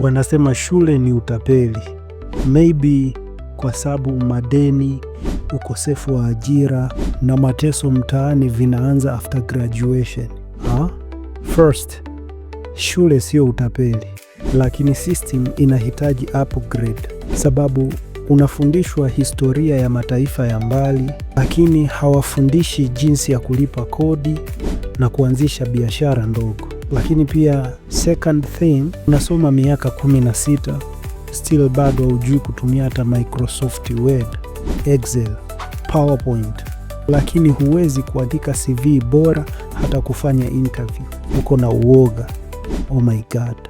wanasema shule ni utapeli, maybe kwa sababu madeni, ukosefu wa ajira na mateso mtaani vinaanza after graduation ha? First, shule sio utapeli, lakini system inahitaji upgrade, sababu unafundishwa historia ya mataifa ya mbali, lakini hawafundishi jinsi ya kulipa kodi na kuanzisha biashara ndogo lakini pia second thing, unasoma miaka 16 still bado haujui kutumia hata Microsoft Word, Excel, PowerPoint, lakini huwezi kuandika CV bora hata kufanya interview, uko na uoga. Oh my god,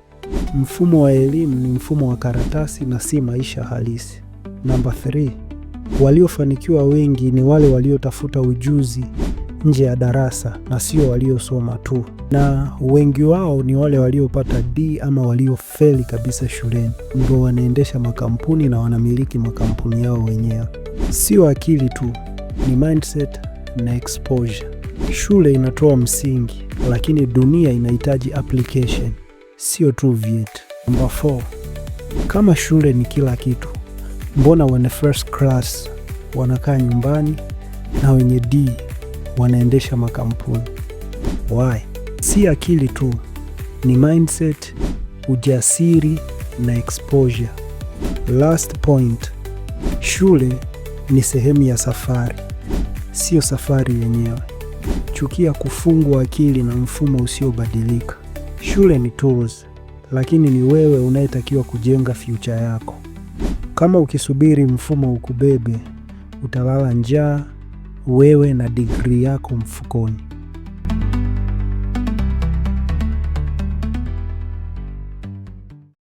mfumo wa elimu ni mfumo wa karatasi na si maisha halisi. Number 3, waliofanikiwa wengi ni wale waliotafuta ujuzi nje ya darasa na sio waliosoma tu, na wengi wao ni wale waliopata D ama waliofeli kabisa shuleni, ndio wanaendesha makampuni na wanamiliki makampuni yao wenyewe. Sio akili tu, ni mindset na exposure. Shule inatoa msingi, lakini dunia inahitaji application, sio tu vyeti. Namba 4, kama shule ni kila kitu, mbona wana first class wanakaa nyumbani na wenye D wanaendesha makampuni. Why? Si akili tu, ni mindset, ujasiri na exposure. Last point, shule ni sehemu ya safari, sio safari yenyewe. Chukia kufungwa akili na mfumo usiobadilika. Shule ni tools, lakini ni wewe unayetakiwa kujenga future yako. Kama ukisubiri mfumo ukubebe, utalala njaa wewe na digrii yako mfukoni.